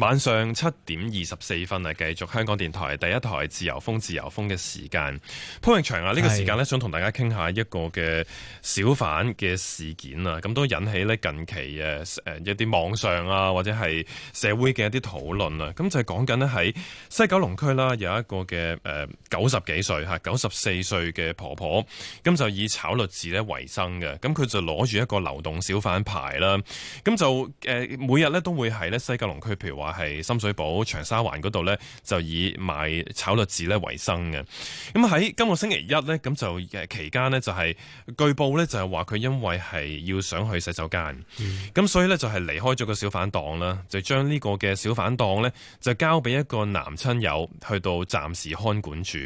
晚上七點二十四分啊，繼續香港電台第一台自由風自由風嘅時間，潘永祥啊，呢、呢個時間呢，想同大家傾下一個嘅小販嘅事件啊，咁都引起咧近期誒誒一啲網上啊或者係社會嘅一啲討論啊，咁就係講緊呢，喺西九龍區啦，有一個嘅誒九十幾歲嚇九十四歲嘅婆婆，咁就以炒栗子咧為生嘅，咁佢就攞住一個流動小販牌啦，咁就誒每日呢，都會喺咧西九龍區，譬如話。係深水埗長沙灣度咧，就以賣炒栗子咧為生嘅。咁喺今個星期一咧，咁就誒期間咧就係據報咧就係話佢因為係要想去洗手間，嗯，咁所以咧就係離開咗個小販檔啦，就將呢個嘅小販檔咧就交俾一個男親友去到暫時看管住。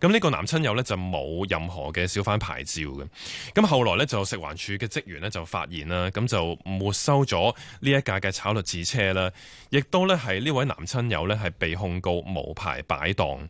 咁呢個男親友咧就冇任何嘅小販牌照嘅。咁後來咧就食環署嘅職員咧就發現啦，咁就沒收咗呢一架嘅炒栗子車啦，亦都。呢係呢位男親友呢係被控告無牌擺檔，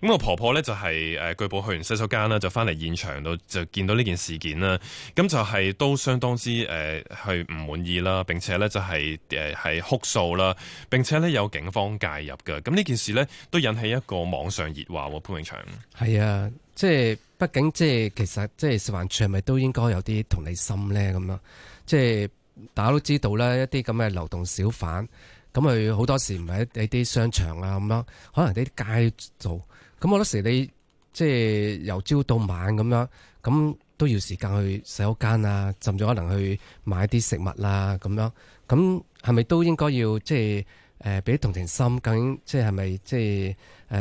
咁我婆婆呢就係、是、誒、呃，據報去完洗手間啦，就翻嚟現場度就見到呢件事件啦，咁就係都相當之誒係唔滿意啦，並且呢就係誒係哭訴啦，並且呢有警方介入噶，咁呢件事呢都引起一個網上熱話。潘永祥係啊，即係畢竟即係其實即係食環署係咪都應該有啲同理心呢？咁咯，即係大家都知道啦，一啲咁嘅流動小販。咁佢好多時唔係喺啲商場啊咁樣，可能啲街做，咁好多時你即係由朝到晚咁樣，咁都要時間去洗手間啊，甚至可能去買啲食物啦咁樣，咁係咪都應該要即係誒俾同情心？究竟即係即係係咪即係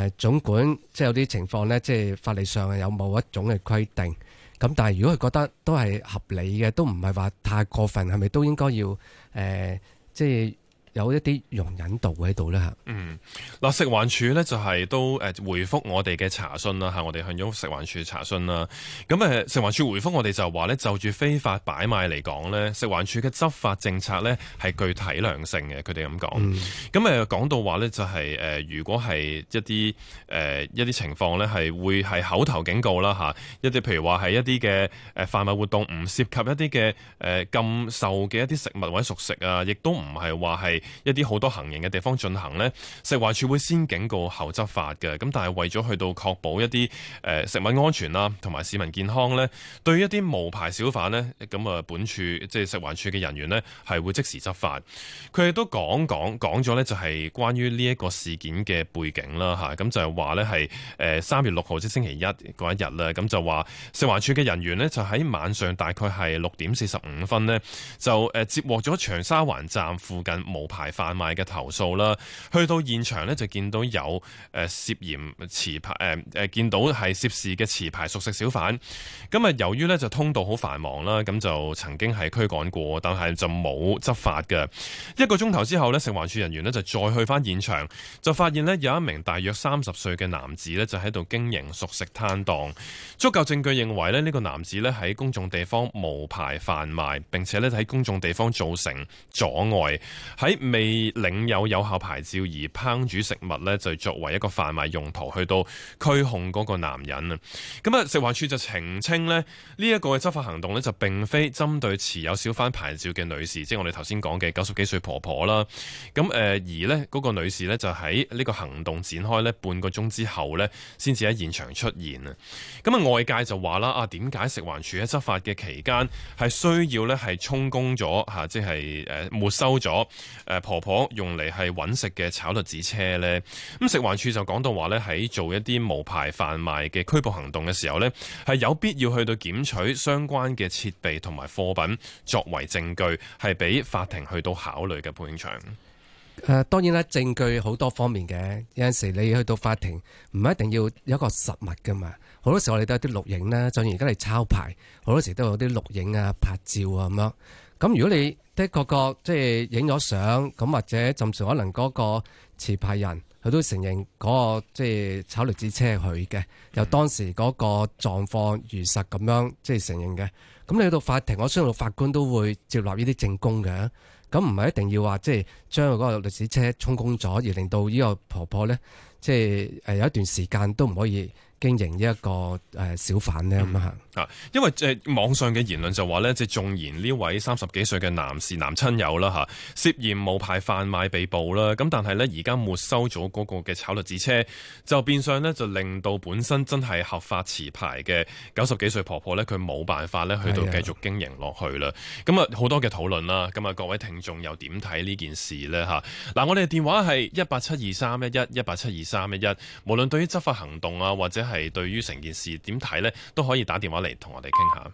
誒總管即係有啲情況咧，即係法理上係有冇一種嘅規定，咁但係如果佢覺得都係合理嘅，都唔係話太過分，係咪都應該要誒、呃、即係？有一啲容忍度喺度啦吓。嗯，嗱食環署咧就係都誒回覆我哋嘅查詢啦吓，我哋向咗食環署查詢啦。咁誒食環署回覆我哋就話咧就住非法擺賣嚟講咧，食環署嘅執法政策咧係具體量性嘅，佢哋咁講。咁誒講到話咧就係、是、誒如果係一啲誒一啲情況咧係會係口頭警告啦吓，一啲譬如話係一啲嘅誒販賣活動唔涉及一啲嘅誒禁售嘅一啲食物或者熟食啊，亦都唔係話係。一啲好多行人嘅地方進行呢，食環署會先警告後執法嘅，咁但係為咗去到確保一啲誒食物安全啦，同埋市民健康咧，對於一啲無牌小販呢，咁啊本處即係食環署嘅人員呢，係會即時執法。佢哋都講講講咗呢，就係關於呢一個事件嘅背景啦，吓，咁就係話呢，係誒三月六號即星期一嗰一日啦，咁就話食環署嘅人員呢，就喺晚上大概係六點四十五分呢，就誒接獲咗長沙灣站附近無牌販賣嘅投訴啦，去到現場呢，就見到有誒、呃、涉嫌持牌誒誒、呃、見到係涉事嘅持牌熟食小販，咁啊由於呢，就通道好繁忙啦，咁就曾經係驅趕過，但係就冇執法嘅。一個鐘頭之後呢，食環署人員呢，就再去返現場，就發現呢有一名大約三十歲嘅男子呢，就喺度經營熟食攤檔，足夠證據認為呢，呢個男子呢，喺公眾地方無牌販賣，並且呢，喺公眾地方造成阻礙喺。未領有有效牌照而烹煮食物呢，就作為一個販賣用途去到拘控嗰個男人啊！咁啊，食環署就澄清呢，呢、這、一個嘅執法行動呢，就並非針對持有小販牌照嘅女士，即係我哋頭先講嘅九十幾歲婆婆啦。咁誒、呃，而呢，嗰、那個女士呢，就喺呢個行動展開呢半個鐘之後呢，先至喺現場出現啊！咁啊，外界就話啦，啊點解食環署喺執法嘅期間係需要呢？係充公咗吓，即係誒、呃、沒收咗？誒婆婆用嚟係揾食嘅炒栗子車呢。咁食環署就講到話呢，喺做一啲無牌販賣嘅拘捕行動嘅時候呢，係有必要去到檢取相關嘅設備同埋貨品作為證據，係俾法庭去到考慮嘅背景場。當然啦，證據好多方面嘅，有陣時你去到法庭唔一定要有一個實物㗎嘛，好多時候我哋都有啲錄影啦，就算而家你抄牌，好多時都有啲錄影啊、拍照啊咁樣。咁如果你的確個即係影咗相，咁或者甚至可能嗰個持牌人，佢都承認嗰個即係炒栗子車佢嘅，嗯、由當時嗰個狀況如實咁樣即係承認嘅。咁你去到法庭，我相信法官都會接納呢啲證供嘅。咁唔係一定要話即係將嗰個栗子車充公咗，而令到呢個婆婆咧，即係有一段時間都唔可以經營呢一個小販呢。咁樣行。因為即網上嘅言論就話呢，即係縱然呢位三十幾歲嘅男士男親友啦嚇，涉嫌冇牌販賣被捕啦，咁但係呢，而家沒收咗嗰個嘅炒栗子車，就變相呢，就令到本身真係合法持牌嘅九十幾歲婆婆呢，佢冇辦法呢去到繼續經營落去啦。咁啊好多嘅討論啦，咁啊各位聽眾又點睇呢件事呢？嚇？嗱，我哋嘅電話係一八七二三一一一八七二三一一，無論對於執法行動啊，或者係對於成件事點睇呢，都可以打電話嚟。同我哋傾下。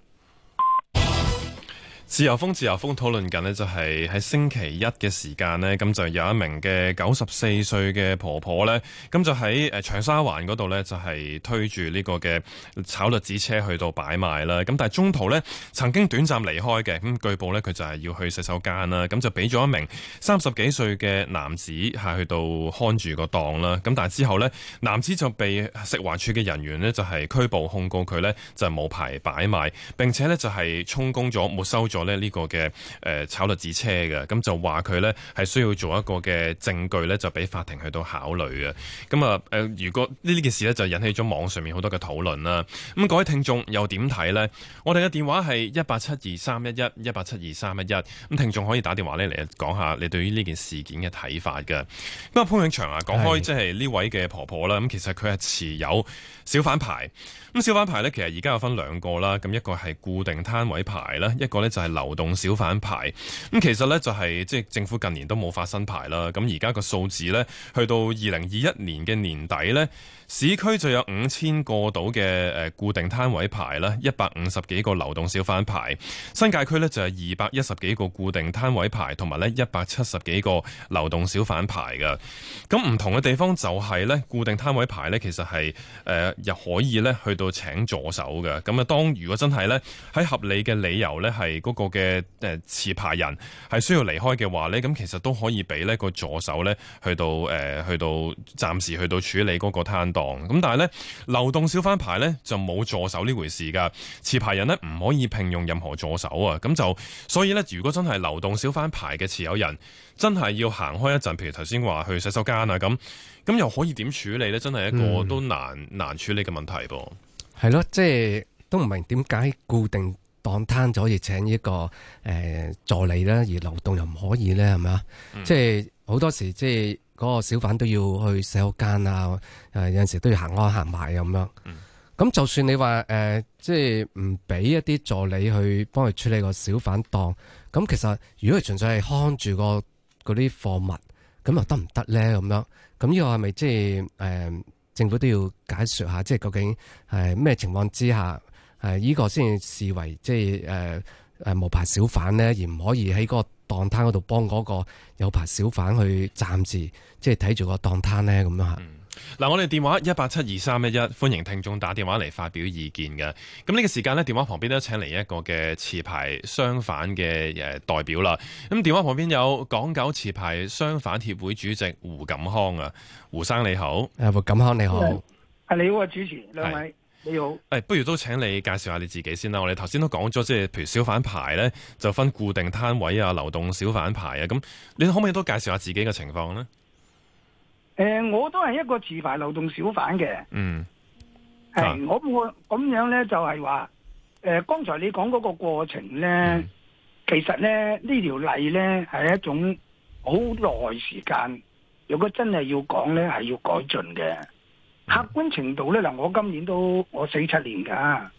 自由風，自由風討論緊呢就係喺星期一嘅時間呢。咁就有一名嘅九十四歲嘅婆婆呢，咁就喺誒長沙灣嗰度呢，就係推住呢個嘅炒栗子車去到擺賣啦。咁但係中途呢，曾經短暫離開嘅，咁據報呢，佢就係要去洗手間啦，咁就俾咗一名三十幾歲嘅男子係去到看住個檔啦。咁但係之後呢，男子就被食環署嘅人員呢，就係拘捕控告佢呢，就係冇牌擺賣，並且呢就係充公咗、沒收咗。呢個嘅誒、呃、炒栗子車嘅，咁就話佢呢係需要做一個嘅證據呢，就俾法庭去到考慮嘅。咁啊誒，如果呢件事呢，就引起咗網上面好多嘅討論啦。咁各位聽眾又點睇呢？我哋嘅電話係一八七二三一一一八七二三一一，咁聽眾可以打電話呢嚟講下你對於呢件事件嘅睇法嘅。咁啊潘永祥啊，講開即係呢位嘅婆婆啦。咁是其實佢係持有小販牌。咁小販牌咧，其實而家有分兩個啦，咁一個係固定攤位牌啦，一個咧就係流動小販牌。咁其實咧就係即係政府近年都冇發新牌啦。咁而家個數字咧，去到二零二一年嘅年底咧。市區就有五千個到嘅，誒固定攤位牌啦，一百五十幾個流動小販牌。新界區咧就有二百一十幾個固定攤位牌，同埋咧一百七十幾個流動小販牌嘅。咁唔同嘅地方就係咧，固定攤位牌咧其實係誒、呃、又可以咧去到請助手嘅。咁啊，當如果真係咧喺合理嘅理由咧係嗰個嘅誒持牌人係需要離開嘅話咧，咁其實都可以俾咧個助手咧去到誒、呃、去到暫時去到處理嗰個攤。咁，但係咧流動小販牌咧，就冇助手呢回事噶持牌人咧，唔可以聘用任何助手啊！咁就所以咧，如果真係流動小販牌嘅持有人，真係要行開一陣，譬如頭先話去洗手間啊咁，咁又可以點處理咧？真係一個都難、嗯、難處理嘅問題噃。係咯，即係都唔明點解固定檔攤可以請呢、呢個誒、呃、助理咧，而流動又唔可以咧，係咪、嗯、即係。好多時即係嗰個小販都要去洗手間啊！有陣時都要行開行埋咁樣。咁就算你話、呃、即係唔俾一啲助理去幫佢處理個小販檔，咁其實如果係純粹係看住個嗰啲貨物，咁又得唔得咧？咁樣，咁呢個係咪即係、呃、政府都要解説下，即係究竟係咩情況之下呢、呃、呢個先至視為即係誒誒無牌小販咧，而唔可以喺、嗰個檔攤嗰度幫嗰個有排小販去暫時即係睇住個檔攤咧咁樣吓。嗱、嗯啊，我哋電話一八七二三一一，歡迎聽眾打電話嚟發表意見嘅。咁呢個時間咧，電話旁邊都請嚟一個嘅持牌商販嘅誒代表啦。咁電話旁邊有港九持牌商販協會主席胡錦康啊，胡生你好，誒、啊，胡錦康你好，係你好主持兩位。你好，誒，不如都請你介紹下你自己先啦。我哋頭先都講咗，即係譬如小販牌咧，就分固定攤位啊、流動小販牌啊。咁，你可唔可以都介紹下自己嘅情況咧？誒、呃，我都係一個持牌流動小販嘅。嗯，係我我咁樣咧，就係話，誒，剛才你講嗰個過程咧，嗯、其實咧呢條、這個、例咧係一種好耐時間。如果真係要講咧，係要改進嘅。客觀程度咧，嗱，我今年都我四七年噶，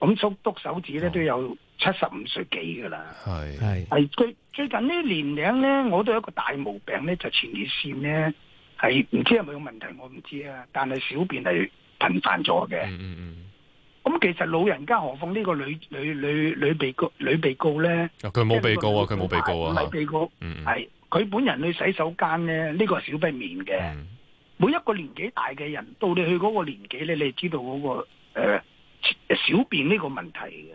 咁數督手指咧都有七十五歲幾噶啦。係係係最最近年呢年齡咧，我都有一個大毛病咧，就前列腺咧係唔知係咪有問題，我唔知啊。但係小便係頻繁咗嘅，嗯。嗯嗯咁其實老人家何況呢個女女女女被告女被告咧？佢冇、啊、被告啊，佢冇被告啊。唔係被告，嗯，係佢本人去洗手間咧，呢，這個係小不免嘅。嗯每一個年紀大嘅人，到你去嗰個年紀咧，你知道嗰、那個誒、呃、小便呢個問題嘅。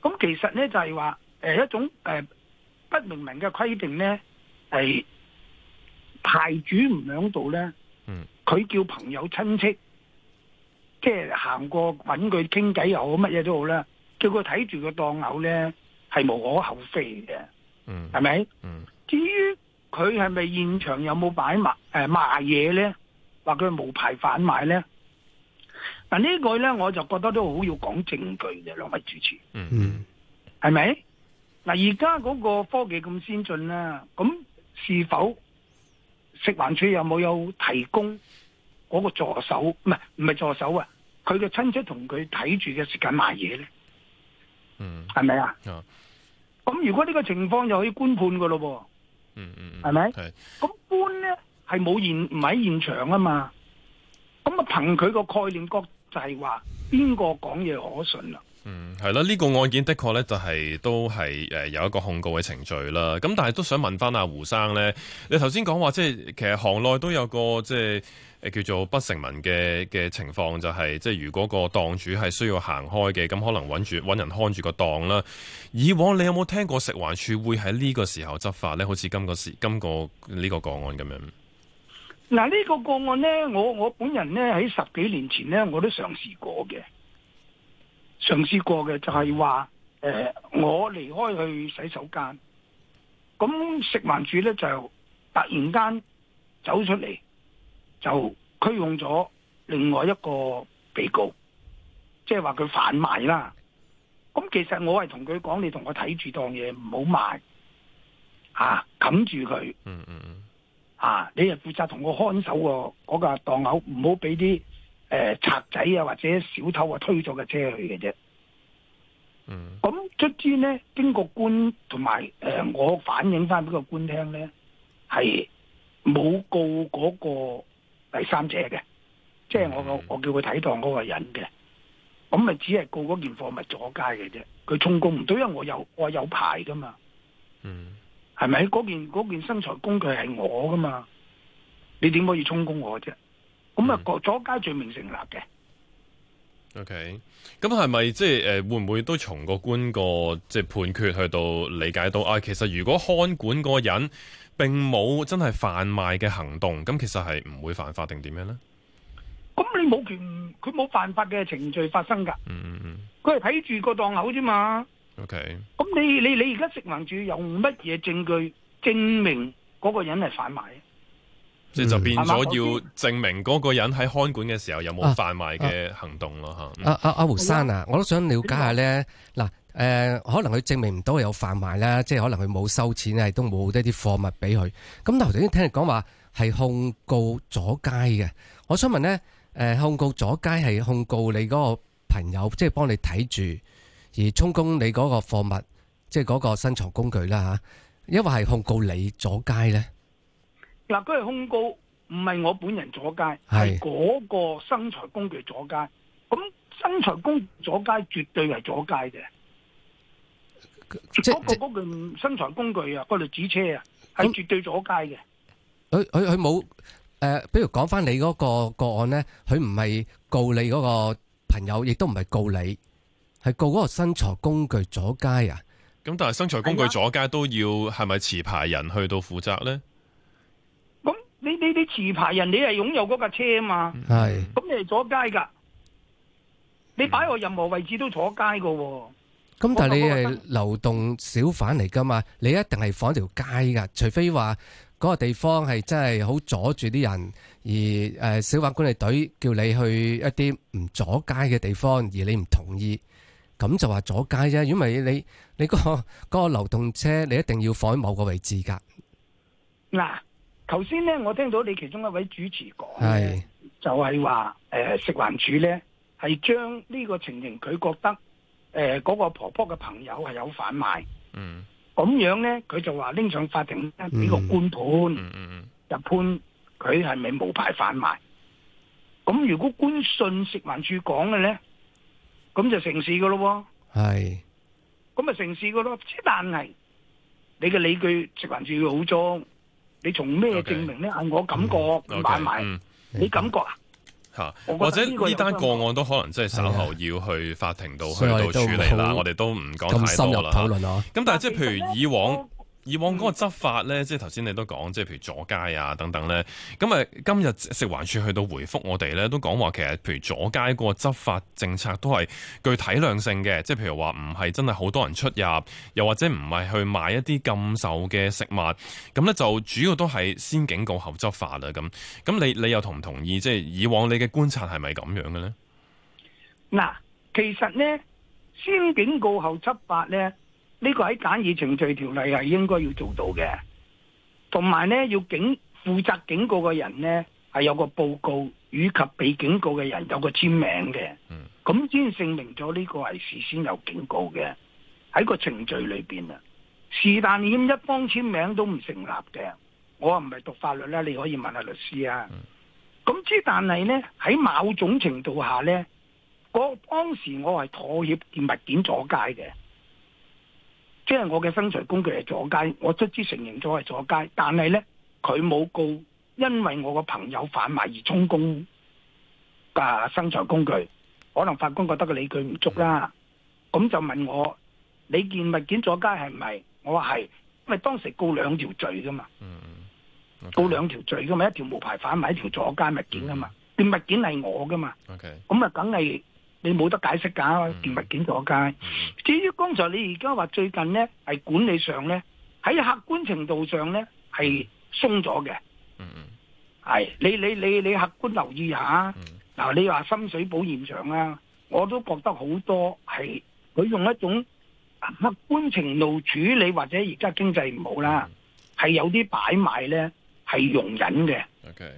咁其實咧就係、是、話，誒、呃、一種誒、呃、不明文嘅規定咧，係、呃、牌主唔響度咧，嗯，佢叫朋友親戚，即係行過揾佢傾偈又好，乜嘢都好咧，叫佢睇住個檔口咧，係無可厚非嘅，嗯，係咪吧？嗯，至於佢係咪現場有冇擺賣誒賣嘢咧？呃話佢冇牌販賣咧，但、啊這個、呢句咧我就覺得都好要講證據嘅兩位主持，嗯，係咪？嗱、啊，而家嗰個科技咁先進啦、啊，咁是否食環署有冇有提供嗰個助手？唔係唔係助手啊？佢嘅親戚同佢睇住嘅時間賣嘢咧，嗯，係咪啊？咁、哦、如果呢個情況又可以官判噶咯、啊？喎、嗯，嗯嗯係咪？咁是官咧？係冇現唔喺現場啊嘛，咁啊憑佢個概念覺就係、是、話邊個講嘢可信，嗯，係啦，呢、這個案件的確呢、就是，就係都係誒有一個控告嘅程序啦。咁但係都想問翻阿胡生呢，你頭先講話即係其實行內都有個即係叫做不成文嘅嘅情況，就係即係如果個檔主係需要行開嘅，咁可能搵住搵人看住個檔啦。以往你有冇聽過食環處會喺呢個時候執法呢？好似今、這個時今、這個呢個個案咁樣。嗱，呢個個案咧，我我本人咧喺十幾年前咧，我都嘗試過嘅，嘗試過嘅就係話，誒、呃、我離開去洗手間，咁食環署咧就突然間走出嚟，就驅用咗另外一個被告，即係話佢販賣啦。咁其實我係同佢講，你同我睇住檔嘢唔好賣，嚇冚住佢。嗯嗯。啊！你係負責同我看守個嗰個檔口，唔好俾啲誒賊仔啊或者小偷啊推咗個車去嘅啫。嗯，咁卒之咧，經過官同埋誒，我反映翻俾個官聽咧，係冇告嗰個第三者嘅，即係我我、嗯、我叫佢睇檔嗰個人嘅，咁咪只係告嗰件貨物阻街嘅啫，佢充公唔到，因為我有我有牌噶嘛。嗯。係咪嗰件件生財工具係我噶嘛？你點可以充公我啫？咁啊，咗家罪名成立嘅，嗯。OK，咁係咪即係誒，會唔會都從個官個即係判決去到理解到啊？其實如果看管嗰個人並冇真係販賣嘅行動，咁其實係唔會犯法定點樣咧？咁你冇權，佢冇犯法嘅程序發生噶。嗯嗯嗯，佢係睇住個檔口啫嘛。O K，咁你你你而家食民主食環署用乜嘢證據證明嗰個人係販賣？即係就變咗要證明嗰個人喺看管嘅時候有冇販賣嘅行動咯？吓，阿阿阿胡生啊，我都想了解下咧。嗱，誒，可能佢證明唔到有販賣啦，即係可能佢冇收錢啊，亦都冇一啲貨物俾佢。咁頭先聽你講話係控告阻街嘅，我想問咧，誒，控告阻街係控告你嗰個朋友，即係幫你睇住？而充公你嗰個貨物，即係嗰個生財工具啦吓，因為係控告你阻街咧。嗱，佢係控告，唔係我本人阻街，係嗰個生財工具阻街。咁生財工具阻街，絕對係阻街嘅。即係嗰個嗰件生財工具啊，嗰條紙車啊，係絕對阻街嘅。佢佢佢冇，誒，比如講翻你嗰個個案咧，佢唔係告你嗰個朋友，亦都唔係告你。係個個生財工具阻街啊！咁但係生財工具阻街都要係咪持牌人去到負責咧？咁、啊、你呢啲持牌人你擁是你，你係擁有嗰架車啊嘛？係。咁你係阻街噶，你擺喺任何位置都阻街噶。咁、嗯、但係你係流動小販嚟噶嘛？你一定係放條街噶，除非話嗰個地方係真係好阻住啲人，而誒小販管理隊叫你去一啲唔阻街嘅地方，而你唔同意。咁就話阻街啫，如果唔係你你、嗰個、嗰個流動車，你一定要放喺某個位置噶。嗱，頭先咧，我聽到你其中一位主持講，是就係話，誒食環署咧係將呢個情形，佢覺得誒嗰個婆婆嘅朋友係有販賣，咁、嗯、樣咧佢就話拎上法庭，呢個官判，嗯、就判佢係咪冇牌販賣。咁如果官信食環署講嘅咧？咁就成事噶咯喎，係是，咁咪成事噶咯，即但係你嘅理據食環住要好足，你從咩證明咧？Okay. 我感覺買賣，Okay. 你感覺啊，吓、嗯，覺或者呢單個，個案都可能真係稍後要去法庭度、啊、去到處理啦。我哋都唔講太多啦。咁深入討論咁但係即係譬如以往。以往嗰個執法呢，即係頭先你都講，即係譬如阻街啊等等呢。咁啊，今日食環署去到回覆我哋呢，都講話其實譬如阻街個執法政策都係具體量性嘅，即係譬如話唔係真係好多人出入，又或者唔係去買一啲禁售嘅食物。咁呢就主要都係先警告後執法啦。咁咁你你又同唔同意？即係以往你嘅觀察係咪咁樣嘅呢？嗱，其實呢，先警告後執法呢。呢個喺《簡易程序條例》係應該要做到嘅，同埋、嗯、呢，要警負責警告嘅人呢，係有個報告，以及被警告嘅人有個簽名嘅，咁先、嗯、證明咗呢個係事先有警告嘅喺個程序裏邊啊。是但，欠一方簽名都唔成立嘅。我唔係讀法律啦，你可以問下律師啊。咁即、嗯、但係呢，喺某種程度下呢，我當時我係妥協件物件阻街嘅。因為我嘅生財工具係阻街，我卒之承認咗係阻街，但係呢，佢冇告，因為我個朋友販賣而充公嘅生財工具，可能法官覺得個理據唔足啦，咁、嗯、就問我你件物件阻街係咪？我話係，因為當時告兩條罪噶嘛，嗯 okay。告兩條罪噶嘛，一條無牌販賣，一條阻街物件噶嘛，件、嗯、物件係我噶嘛，咁啊梗係。你冇得解釋㗎，件物件坐街。嗯、至於剛才你而家話最近咧，係管理上咧，喺客觀程度上咧係鬆咗嘅。嗯嗯，係你你你你客觀留意下。嗱、嗯，你話深水埗現場啦，我都覺得好多係佢用一種客觀程度處理，或者而家經濟唔好啦，係、嗯、有啲擺賣咧係容忍嘅。OK，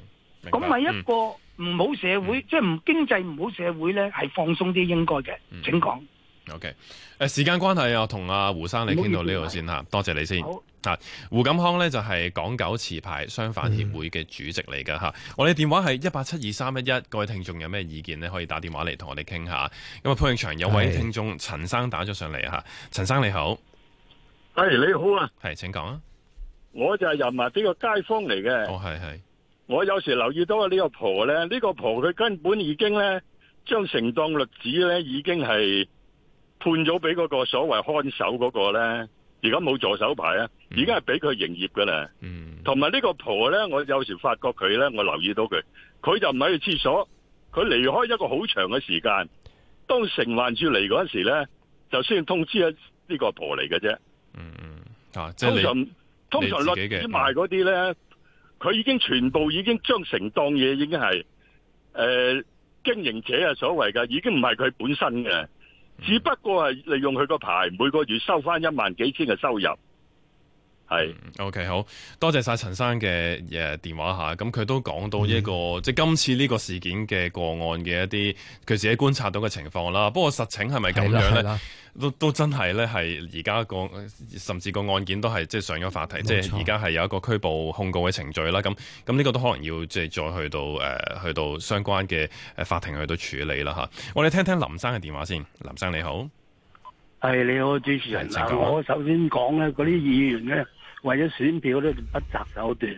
咁係一個、嗯。唔好社會，嗯、即係唔經濟，唔好社會呢，係放鬆啲應該嘅，請講說。OK，誒，時間關係啊，我同阿胡生嚟傾到呢度先吓，多謝你先。好胡錦康呢，就係、是、港九持牌商販協會嘅主席嚟嘅吓，嗯、我哋電話係一八七二三一一，各位聽眾有咩意見呢？可以打電話嚟同我哋傾下。咁啊，潘永祥，有位聽眾陳生打咗上嚟吓，陳的生你好，係、hey, 你好啊，係，請講啊，我就係入埋呢個街坊嚟嘅，哦，係係。我有時留意到啊，呢個婆咧，呢、呢個婆佢根本已經咧，將成檔栗子咧已經係判咗俾嗰個所謂看守嗰個咧。而家冇助手牌啊，而家係俾佢營業㗎喇。嗯，同埋呢個婆咧，我有時發覺佢咧，我留意到佢，佢就唔喺個廁所，佢離開一個好長嘅時間。當食環處嚟嗰陣時咧，就先通知啊，呢個婆嚟嘅啫。嗯嗯，啊，即係通，通常栗子賣嗰啲咧。佢已經全部已經將成檔嘢已經係誒、呃、經營者啊所謂嘅已經唔係佢本身嘅，只不過係利用佢個牌，每個月收翻一萬幾千嘅收入。係是，OK，好多謝晒陳生嘅、誒電話吓，咁佢都講到一個、嗯、即係今次呢個事件嘅個案嘅一啲佢自己觀察到嘅情況啦。不過實情係咪咁樣咧，都都真係咧係而家個甚至個案件都係即係上咗法庭。即係而家係有一個拘捕控告嘅程序啦。咁咁呢個都可能要即係再去到誒、呃、去到相關嘅誒法庭去到處理啦吓。我哋聽聽林生嘅電話先，林生你好，係你好主持人，說啊、我首先講咧嗰啲議員咧。嗯為咗選票咧，就不擇手段。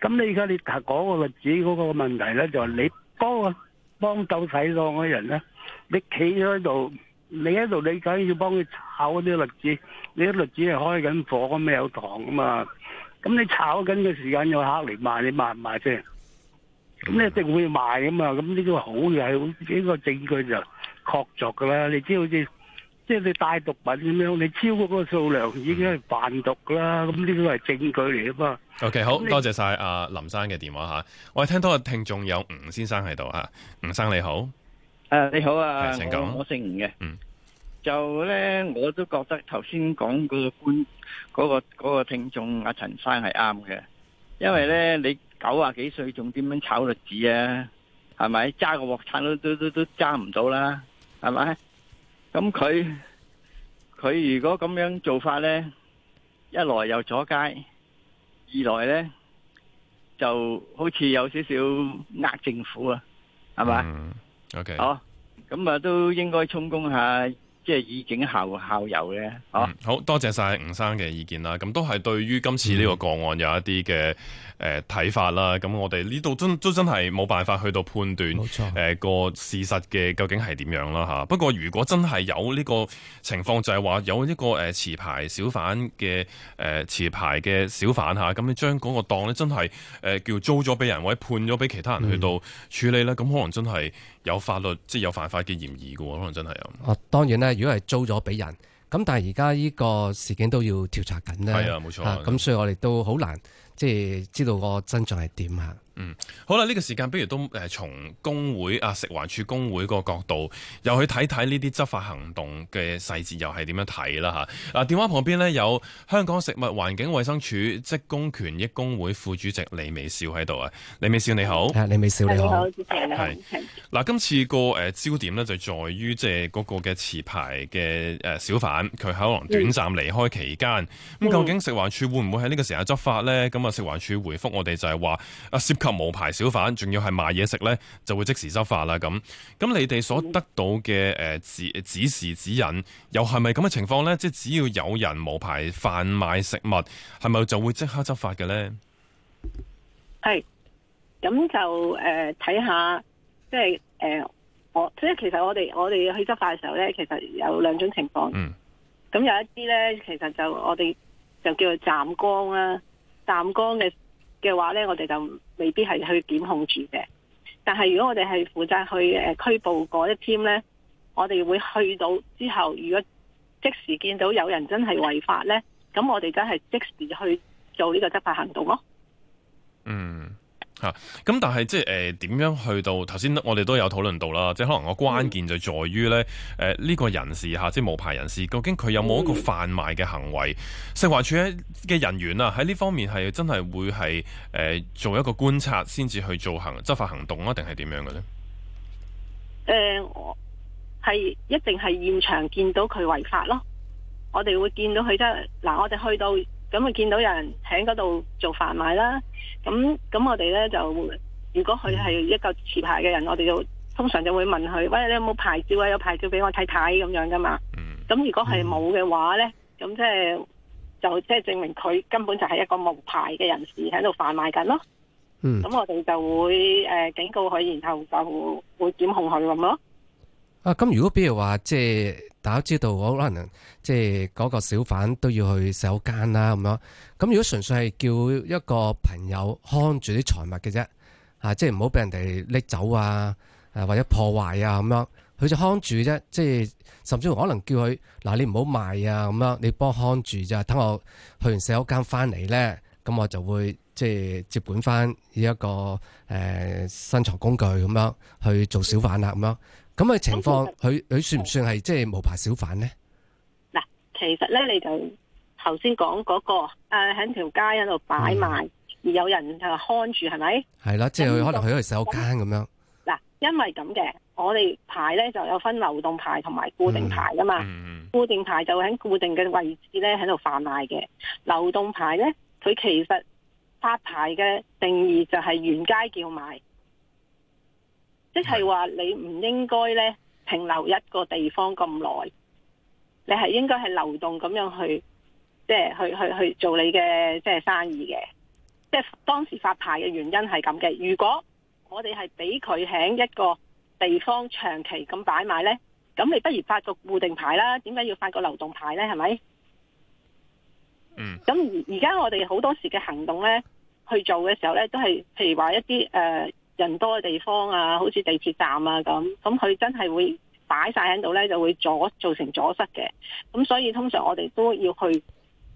咁你而家你提嗰個栗子嗰個問題咧，就係，是，你幫啊幫倒睇檔嘅人咧，你企咗喺度，你喺度你梗要幫佢炒嗰啲栗子。你啲栗子係開緊火咁，咪有糖啊嘛。咁你炒緊嘅時間有客嚟賣，你賣唔賣啫？咁你一定會賣㗎嘛。咁呢個好嘢，係呢個證據就確鑿噶啦。你知好似，即係你帶毒品咁樣，你超過嗰個數量已經係販毒啦，咁呢個係證據嚟啊嘛。OK，好多謝晒阿林生嘅電話吓，我係聽到個聽眾有吳先生喺度吓，吳生你好，誒、啊、你好啊，請講。我，我姓吳嘅，嗯，就咧我都覺得頭先講個官嗰個嗰個聽眾阿陳生係啱嘅，因為咧、嗯、你九啊幾歲仲點樣炒栗子啊？係咪揸個鑊鏟都都都都揸唔到啦？係咪？咁佢佢如果咁樣做法咧，一來又阻街，二來咧就好似有少少呃政府啊，係咪、嗯？嗯，O K。Okay. 好，咁啊都應該充公下。即係以儆效尤咧，嚇！好、嗯、好多謝晒胡生嘅意見啦。咁都係對於今次呢個個案有一啲嘅誒睇法啦。咁、嗯呃、我哋呢度真都真係冇辦法去到判斷，冇錯、呃。個事實嘅究竟係點樣啦？嚇！不過如果真係有呢個情況，就係、是、話有一個誒、呃、持牌小販嘅誒、呃、持牌嘅小販嚇，咁、啊、你將嗰個檔咧真係誒、呃、叫做租咗俾人，或者判咗俾其他人去到處理咧，咁、嗯、可能真係。有法律即係有犯法嘅嫌疑㗎喎，可能真係有。哦、啊，當然咧，如果係租咗俾人，咁但係而家呢個事件都要調查緊咧。係啊，冇錯的。咁所以我哋都好難即係知道個真相係點啊。嗯，好啦，呢、這個時間不如都誒從工會啊，食環署工會個角度又去睇睇呢啲執法行動嘅細節，又係點樣睇啦嚇？嗱，電話旁邊呢，有香港食物環境衞生署職工權益工會副主席李美笑喺度啊，李美笑你好，李、啊、美笑你好，嗱、啊，今次個誒焦點呢，就在於即係嗰個嘅持牌嘅誒小販，佢可能短暫離開期間，咁、嗯、究竟食環署會唔會喺呢個時候執法呢？咁啊，食環署回覆我哋就係話啊冇牌小販，仲要係賣嘢食呢，就會即時執法啦。咁，咁你哋所得到嘅誒、呃、指指示指引，又係咪咁嘅情況呢？即係只要有人冇牌販賣食物，係咪就會即刻執法嘅呢？係，咁就誒睇下，即係誒、呃、我即係其實我哋我哋去執法嘅時候呢，其實有兩種情況。嗯。咁有一啲呢，其實就我哋就叫做暫光啦。暫光嘅嘅話呢，我哋就。未必係去檢控住嘅，但係如果我哋係負責去誒拘捕嗰一隊咧，我哋會去到之後，如果即時見到有人真係違法咧，咁我哋梗係即時去做呢個執法行動咯。嗯。吓，咁、啊、但係即係誒，點、呃、樣去到頭先，才我哋都有討論到啦，即係可能個關鍵就在於咧，誒呢、嗯呃這個人士吓，即係無牌人士，究竟佢有冇一個販賣嘅行為？嗯、食環署嘅人員啊，喺呢方面係真係會係誒、呃、做一個觀察，先至去做行執法行動啊，定係點樣嘅咧？誒、呃，我係一定係現場見到佢違法咯，我哋會見到佢啫。嗱，我哋去到。咁啊，見到有人喺嗰度做販賣啦，咁咁我哋咧就，如果佢係一個持牌嘅人，我哋就通常就會問佢，喂，你有冇牌照啊？有牌照俾我睇睇咁樣噶嘛。嗯。咁如果係冇嘅話咧，咁即係就即係證明佢根本就係一個無牌嘅人士喺度販賣緊咯。嗯。咁我哋就會、呃、警告佢，然後就會檢控佢咁咯。啊，咁如果比如話，即係大家知道，可能即係嗰個小販都要去洗手間啦，咁樣。咁如果純粹係叫一個朋友看住啲財物嘅啫、啊，即係唔好俾人哋拎走啊，啊，或者破壞啊，咁樣。佢就看住啫，即係甚至乎可能叫佢嗱，你唔好賣啊，咁樣，你幫看住咋，等我去完洗手間翻嚟咧，咁我就會即係接管翻呢一個誒生財工具咁樣去做小販啦，啊，咁樣。咁嘅情況，佢佢算唔算係即係無牌小販呢？嗱，其實呢，你就頭先講嗰個誒，喺、呃、條街喺度擺賣，嗯、而有人就看住，係咪？係啦，即係佢可能去咗洗手間咁樣。嗱，因為咁嘅，我哋牌呢就有分流動牌同埋固定牌噶嘛。嗯，固定牌就喺固定嘅位置呢喺度販賣嘅，流動牌呢，佢其實發牌嘅定義就係沿街叫賣。即係話你唔應該咧停留一個地方咁耐，你係應該係流動咁樣去，即係去去去做你嘅即係生意嘅。即係當時發牌嘅原因係咁嘅。如果我哋係俾佢喺一個地方長期咁擺賣咧，咁你不如發個固定牌啦。點解要發個流動牌咧？係咪？嗯。咁而而家我哋好多時嘅行動咧，去做嘅時候咧，都係譬如話一啲誒。呃人多嘅地方啊，好似地鐵站啊咁，咁佢真係會擺晒喺度呢，就會阻造成阻塞嘅。咁所以通常我哋都要去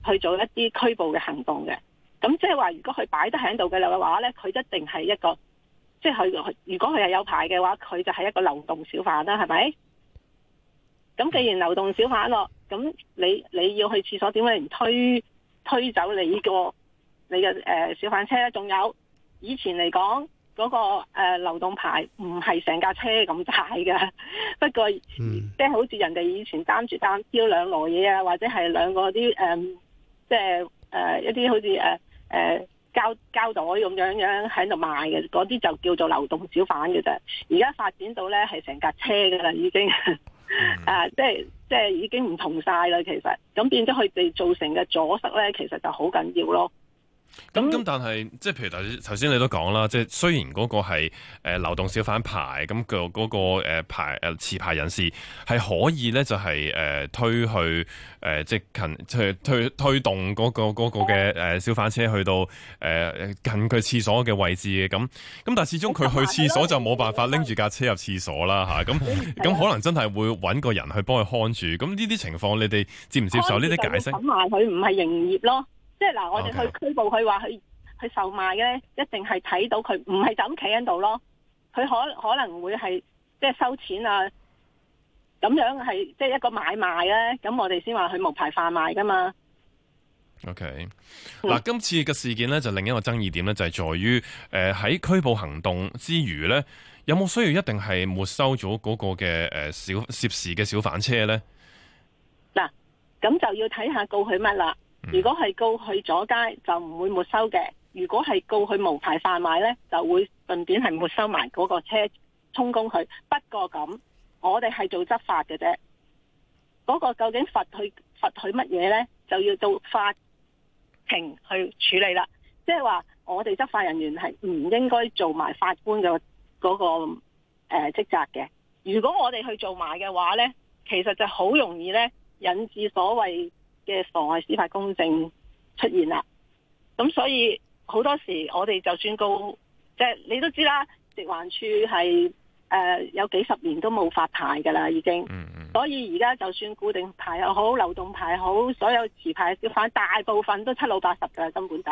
去做一啲拘捕嘅行動嘅。咁即係話，如果佢擺得喺度嘅啦嘅話呢，佢一定係一個，即係佢。如果佢係有牌嘅話，佢就係一個流動小販啦，係咪？咁既然流動小販咯，咁你你要去廁所點解唔推推走你個你嘅、呃、小販車呢，仲有以前嚟講。嗰、那個、呃、流動牌唔係成架車咁大嘅，不過即係、嗯、好似人哋以前擔住擔挑兩籮嘢啊，或者係兩個啲誒，即係誒一啲好似誒誒膠膠袋咁樣樣喺度賣嘅，嗰啲就叫做流動小販嘅啫。而家發展到咧係成架車嘅啦，已經、嗯、啊，即係即係已經唔同晒啦。其實咁變咗佢哋造成嘅阻塞咧，其實就好緊要咯。咁咁，嗯嗯、但係即係，譬如頭頭先你都講啦，即係雖然嗰個係誒、呃、流動小販牌，咁、那個嗰、那個誒、呃、牌誒持、呃、牌人士係可以咧，就係、是、誒、呃、推去誒即係推推推動嗰、那個嗰、那個嘅誒小販車去到誒、呃、近佢廁所嘅位置嘅，咁咁但係始終佢去廁所就冇辦法拎住架車入廁所啦，吓咁咁可能真係會揾個人去幫佢看住，咁呢啲情況你哋接唔接受呢啲解釋？咁埋佢唔係營業咯。即係嗱，是我哋去拘捕佢，話佢去售賣咧，一定係睇到佢唔係就咁企喺度咯，佢可可能會係即係收錢啊，咁樣係即係一個買賣咧，咁我哋先話佢無牌販賣噶嘛。OK，嗱，今次嘅事件咧就另一個爭議點咧就係在於，誒喺拘捕行動之餘咧，有冇需要一定係沒收咗嗰個嘅誒小涉事嘅小販車咧？嗱，咁就要睇下告佢乜啦。嗯、如果係告佢左街就唔會沒收嘅，如果係告佢無牌販賣咧，就會順便係沒收埋嗰個車充公佢。不過咁，我哋係做執法嘅啫，嗰個究竟罰佢罰佢乜嘢咧，就要到法庭去處理啦。即係話我哋執法人員係唔應該做埋法官嘅嗰個誒職、呃、責嘅。如果我哋去做埋嘅話咧，其實就好容易咧引致所謂。嘅妨礙司法公正出現啦，咁所以好多時我哋就算告，即係你都知啦，食環署係，呃，有幾十年都冇發牌噶啦，已經，嗯嗯所以而家就算固定牌又好，流動牌好，所有持牌，小販大部分都七老八十噶，根本就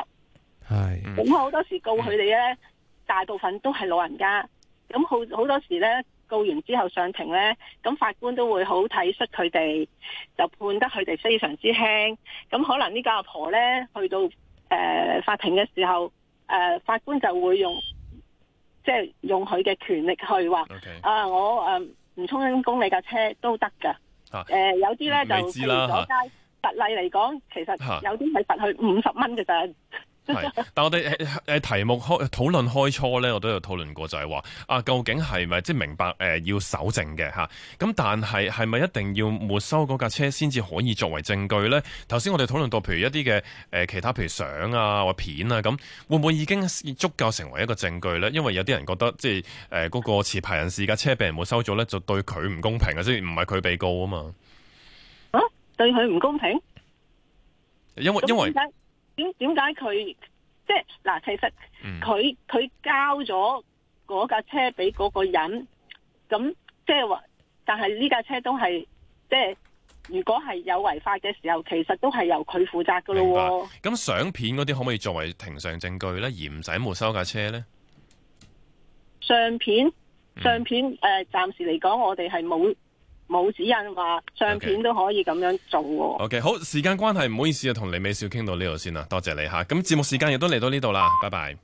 係，咁好是、嗯、多時告佢哋咧，嗯嗯大部分都係老人家，咁好好多時咧。告完之後上庭呢，咁法官都會好體恤佢哋，就判得佢哋非常之輕。咁可能呢個阿婆呢，去到誒、呃、法庭嘅時候，誒、呃、法官就會用即係用佢嘅權力去話：Okay. 啊，我誒唔充公你架車都得㗎哈、呃。有啲呢，就特哈例嚟講，其實有啲係罰佢五十蚊嘅啫。係，但我哋誒誒題目開討論開初咧，我都有討論過就是說，就係話啊，究竟係咪即係明白誒、呃、要搜證嘅吓？咁、啊、但係係咪一定要沒收嗰架車先至可以作為證據咧？頭先我哋討論到，譬如一啲嘅誒其他，譬如相啊或片啊咁，會唔會已經足夠成為一個證據咧？因為有啲人覺得即係誒嗰個持牌人士架車俾人沒收咗咧，就對佢唔公平啊，即係唔係佢被告啊嘛？啊，對佢唔公平？因為因為。因為點點解佢即係嗱？其實佢佢交咗嗰架車俾嗰個人，咁即係話，但係呢架車都係即係，如果係有違法嘅時候，其實都係由佢負責噶咯。明白。咁相片嗰啲可唔可以作為庭上證據咧？而唔使沒收架車咧？相片，相片，誒，暫時嚟講，我哋係冇。冇指引話相片都可以咁樣做喎。Okay. OK，好，時間關係唔好意思啊，同李美笑傾到呢度先啦，多謝你吓，咁節目時間亦都嚟到呢度啦，拜拜。